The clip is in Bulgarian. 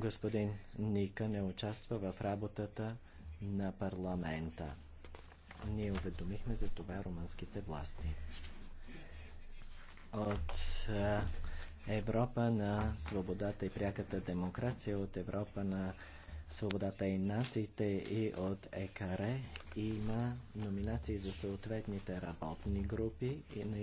господин Ника не участва в работата на парламента. Ние уведомихме за това румънските власти. От Европа на свободата и пряката демокрация, от Европа на свободата и нациите и от ЕКАРЕ има номинации за съответните работни групи и на